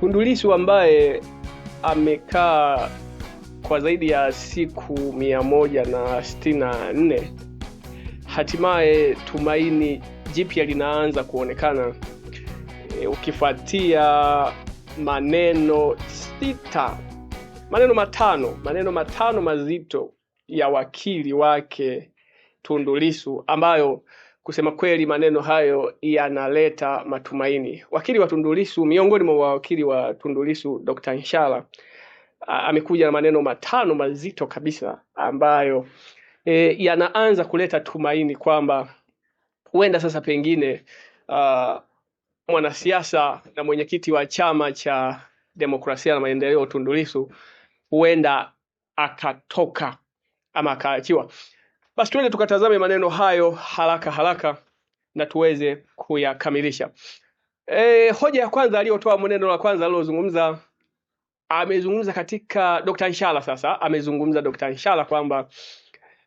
Tundu Lissu ambaye amekaa kwa zaidi ya siku na nne hatimaye tumaini jipya linaanza kuonekana e, ukifuatia maneno sita, maneno matano, maneno matano mazito ya wakili wake Tundu Lissu ambayo Kusema kweli, maneno hayo yanaleta matumaini. Wakili wa Tundu Lissu, miongoni mwa wakili wa Tundu Lissu, Dr. Nshala amekuja na maneno matano mazito kabisa ambayo e, yanaanza kuleta tumaini kwamba huenda sasa pengine uh, mwanasiasa na mwenyekiti wa Chama cha Demokrasia na Maendeleo Tundu Lissu huenda akatoka ama akaachiwa. Basi twende tukatazame maneno hayo haraka haraka na tuweze kuyakamilisha. E, hoja ya kwanza aliyotoa mneno la kwanza alilozungumza amezungumza katika Dr. Nshala. Sasa amezungumza Dr. Nshala kwamba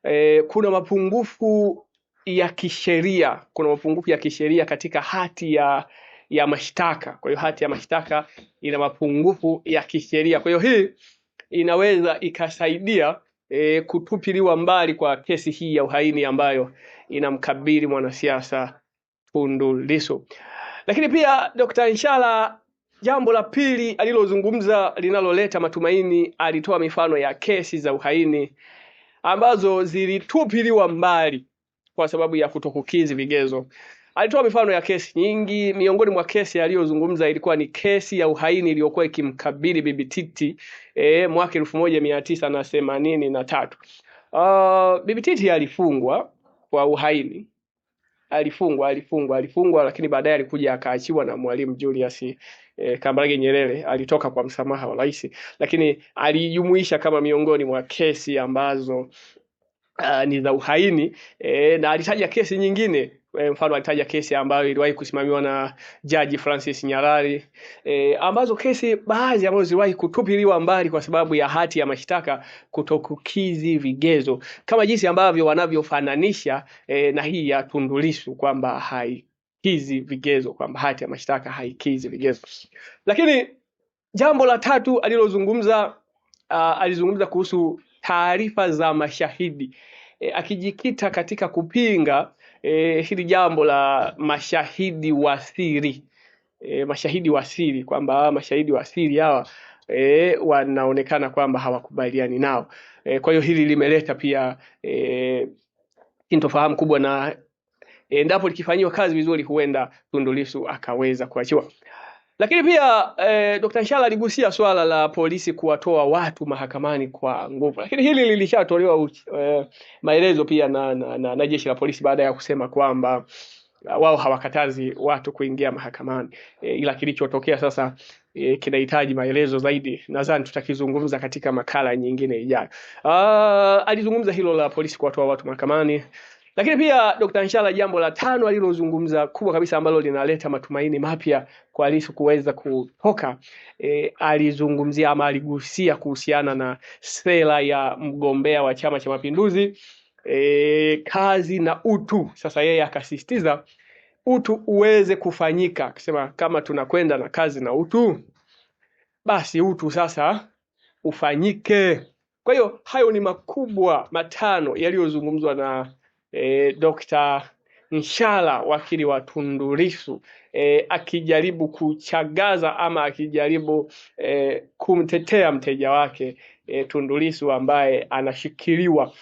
e, kuna mapungufu ya kisheria, kuna mapungufu ya kisheria katika hati ya ya mashtaka. Kwa hiyo hati ya mashtaka ina mapungufu ya kisheria, kwa hiyo hii inaweza ikasaidia e, kutupiliwa mbali kwa kesi hii ya uhaini ambayo inamkabili mwanasiasa Tundu Lissu. Lakini pia Dr. Nshala, jambo la pili alilozungumza linaloleta matumaini, alitoa mifano ya kesi za uhaini ambazo zilitupiliwa mbali kwa sababu ya kutokukizi vigezo. Alitoa mifano ya kesi nyingi. Miongoni mwa kesi aliyozungumza ilikuwa ni kesi ya uhaini iliyokuwa ikimkabili Bibi Titi e, mwaka elfu moja mia tisa na themanini na tatu. Uh, Bibi Titi alifungwa kwa uhaini, alifungwa alifungwa alifungwa, lakini baadaye alikuja akaachiwa na Mwalimu Julius E, Kambarage Nyerere alitoka kwa msamaha wa rais, lakini alijumuisha kama miongoni mwa kesi ambazo uh, ni za uhaini eh, na alitaja kesi nyingine E, mfano alitaja kesi ambayo iliwahi kusimamiwa na Jaji Francis Nyalali e, eh, ambazo kesi baadhi ambazo ziliwahi kutupiliwa mbali kwa sababu ya hati ya mashtaka kutokukizi vigezo kama jinsi ambavyo wanavyofananisha e, na hii ya Tundu Lissu kwamba haikidhi vigezo, kwamba hati ya mashtaka haikizi vigezo. Lakini jambo la tatu alilozungumza, uh, alizungumza kuhusu taarifa za mashahidi e, akijikita katika kupinga e, hili jambo la mashahidi wa siri e, mashahidi wa siri kwamba mashahidi wa siri hawa e, wanaonekana kwamba hawakubaliani nao e, kwa hiyo hili limeleta pia e, intofahamu kubwa na endapo likifanyiwa kazi vizuri, huenda Tundu Lissu akaweza kuachiwa. Lakini pia eh, Dr. Nshala aligusia swala la polisi kuwatoa watu mahakamani kwa nguvu, lakini hili lilishatolewa eh, maelezo pia na, na, na, na jeshi la polisi baada ya kusema kwamba eh, wao hawakatazi watu kuingia mahakamani e, ila kilichotokea sasa e, kinahitaji maelezo zaidi. Nadhani tutakizungumza katika makala nyingine ijayo. Ah, alizungumza hilo la polisi kuwatoa watu mahakamani. Lakini pia Dr. Nshala, jambo la tano alilozungumza kubwa kabisa ambalo linaleta matumaini mapya kwa Lissu kuweza kutoka e, alizungumzia ama aligusia kuhusiana na sera ya mgombea wa Chama cha Mapinduzi e, kazi na utu. Sasa yeye akasisitiza utu uweze kufanyika, akisema kama tunakwenda na kazi na utu, basi utu sasa ufanyike. Kwa hiyo hayo ni makubwa matano yaliyozungumzwa na e, Dr. Nshala wakili wa Tundu Lissu e, akijaribu kuchagaza ama akijaribu e, kumtetea mteja wake e, Tundu Lissu ambaye anashikiliwa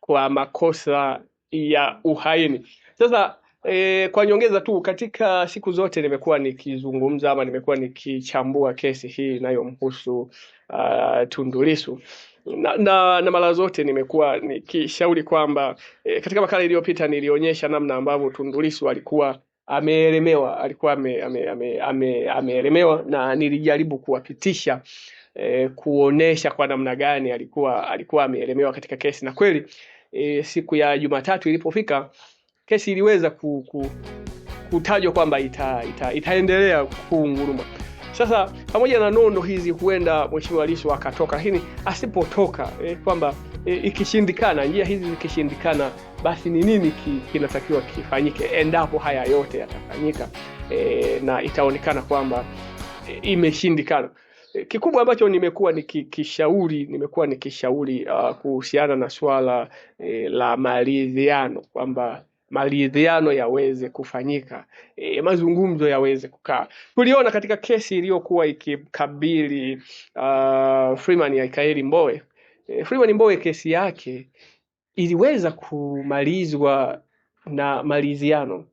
kwa makosa ya uhaini. Sasa e, kwa nyongeza tu, katika siku zote nimekuwa nikizungumza ama nimekuwa nikichambua kesi hii inayomhusu uh, Tundu Lissu na, na, na mara zote nimekuwa nikishauri kwamba e, katika makala iliyopita nilionyesha namna ambavyo tundulisu alikuwa ameelemewa, alikuwa ameelemewa ame, ame, ame na nilijaribu kuwapitisha e, kuonesha kwa namna gani alikuwa alikuwa ameelemewa katika kesi, na kweli e, siku ya Jumatatu ilipofika kesi iliweza ku, ku, kutajwa kwamba ita, ita, itaendelea kuunguruma. Sasa pamoja na nondo hizi, huenda Mheshimiwa Lissu akatoka, lakini asipotoka eh, kwamba eh, ikishindikana, njia hizi zikishindikana, basi ni nini kinatakiwa kifanyike endapo haya yote yatafanyika eh, na itaonekana kwamba eh, imeshindikana. Eh, kikubwa ambacho nimekuwa nikishauri nimekuwa nikishauri uh, kuhusiana na swala eh, la maridhiano kwamba maridhiano yaweze kufanyika, e, mazungumzo yaweze kukaa. Tuliona katika kesi iliyokuwa ikikabili uh, Freeman Aikaeli Mbowe. E, Freeman Mbowe kesi yake iliweza kumalizwa na maridhiano,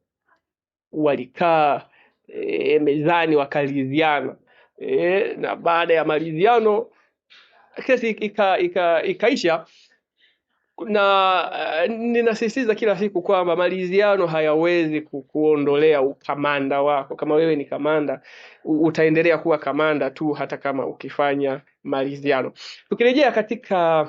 walikaa e, mezani wakaridhiana e, na baada ya maridhiano kesi ika, ika, ikaisha na eh, ninasisitiza kila siku kwamba maliziano hayawezi kuondolea ukamanda wako. Kama wewe ni kamanda, utaendelea kuwa kamanda tu hata kama ukifanya maliziano Tukirejea katika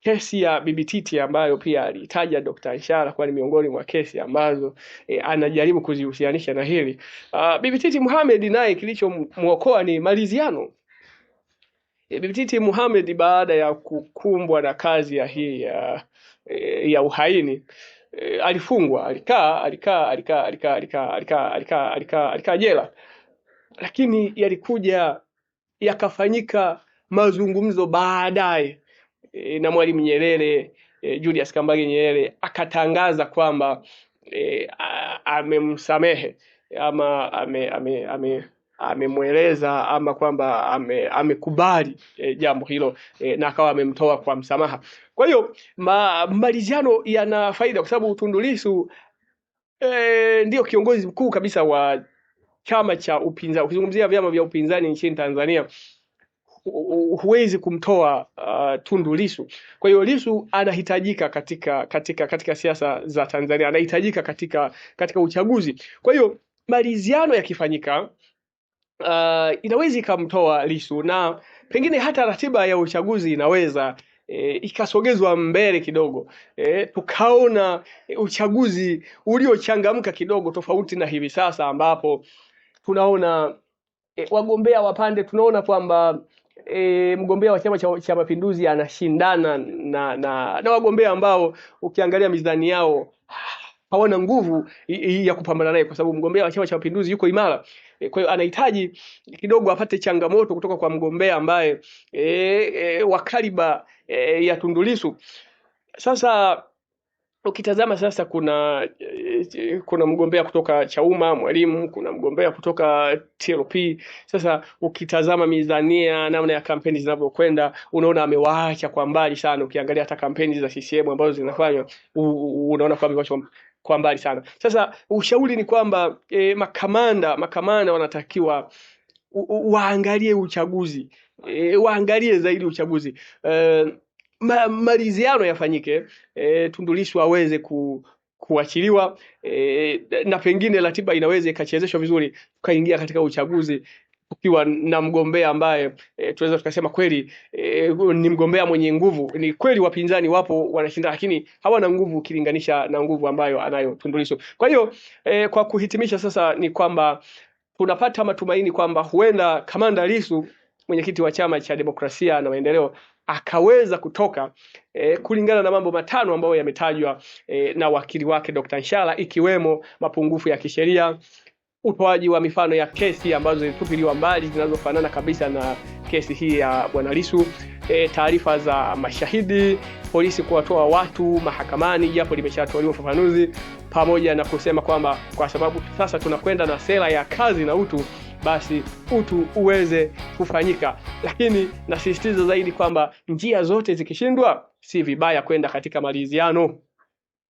kesi ya Bibi Titi ambayo pia alitaja Dr. Ishara kuwa ni miongoni mwa kesi ambazo e, anajaribu kuzihusianisha na hili uh, Bibi Titi Mohamed naye kilichomwokoa ni maliziano bibititi Muhammad baada ya kukumbwa na kazi ya hii ya, e, ya uhaini e, alifungwa, alikaa alikaa alikaa alikaa alikaa alikaa alikaa alikaa alikaa jela, lakini yalikuja yakafanyika mazungumzo baadaye e, na Mwalimu Nyerere e, Julius Kambarage Nyerere akatangaza kwamba e, amemsamehe ama ame, ame, ame, amemweleza ama kwamba ame, amekubali e, jambo hilo e, na akawa amemtoa kwa msamaha. Kwa hiyo malizano yana faida kwa sababu Tundu Lissu e, eh, ndiyo kiongozi mkuu kabisa wa chama cha upinzani. Ukizungumzia vyama vya upinzani nchini Tanzania huwezi kumtoa uh, Tundu Lissu. Kwa hiyo Lissu anahitajika katika katika katika siasa za Tanzania, anahitajika katika katika uchaguzi. Kwa hiyo maliziano yakifanyika uh, inaweza ikamtoa Lissu na pengine hata ratiba ya uchaguzi inaweza E, ikasogezwa mbele kidogo e, tukaona eh, uchaguzi uliochangamka kidogo, tofauti na hivi sasa ambapo tunaona e, wagombea wapande, tunaona kwamba e, mgombea wa Chama cha Mapinduzi anashindana na, na, na wagombea ambao ukiangalia mizani yao hawana nguvu ya kupambana naye, kwa sababu mgombea wa Chama cha Mapinduzi yuko imara. E, kwa hiyo anahitaji kidogo apate changamoto kutoka kwa mgombea ambaye e, e, wa kaliba e, ya Tundu Lissu. Sasa ukitazama sasa, kuna e, e, kuna mgombea kutoka Chauma Mwalimu, kuna mgombea kutoka TLP. Sasa ukitazama mizania, namna ya kampeni zinavyokwenda, unaona amewaacha kwa mbali sana. Ukiangalia hata kampeni za CCM ambazo zinafanywa, unaona kwamba kwa mbali sana. Sasa ushauri ni kwamba e, makamanda makamanda wanatakiwa waangalie uchaguzi e, waangalie zaidi uchaguzi e, ma, maliziano yafanyike e, Tundu Lissu aweze ku kuachiliwa e, na pengine ratiba inaweza ikachezeshwa vizuri tukaingia katika uchaguzi kukiwa na mgombea ambaye e, eh, tunaweza tukasema kweli e, ni mgombea mwenye nguvu. Ni kweli wapinzani wapo wanashinda, lakini hawana nguvu ukilinganisha na nguvu ambayo anayo Tundu Lissu. Kwa hiyo e, kwa kuhitimisha sasa ni kwamba tunapata matumaini kwamba huenda kamanda Lissu mwenyekiti wa Chama cha Demokrasia na Maendeleo akaweza kutoka e, kulingana na mambo matano ambayo yametajwa e, na wakili wake Dr. Nshala ikiwemo mapungufu ya kisheria utoaji wa mifano ya kesi ambazo zilitupiliwa mbali zinazofanana kabisa na kesi hii ya Bwana Lissu, e, taarifa za mashahidi, polisi kuwatoa watu mahakamani japo limeshatolewa ufafanuzi, pamoja na kusema kwamba kwa sababu sasa tunakwenda na sera ya kazi na utu, basi utu uweze kufanyika. Lakini nasisitiza zaidi kwamba njia zote zikishindwa, si vibaya kwenda katika maridhiano.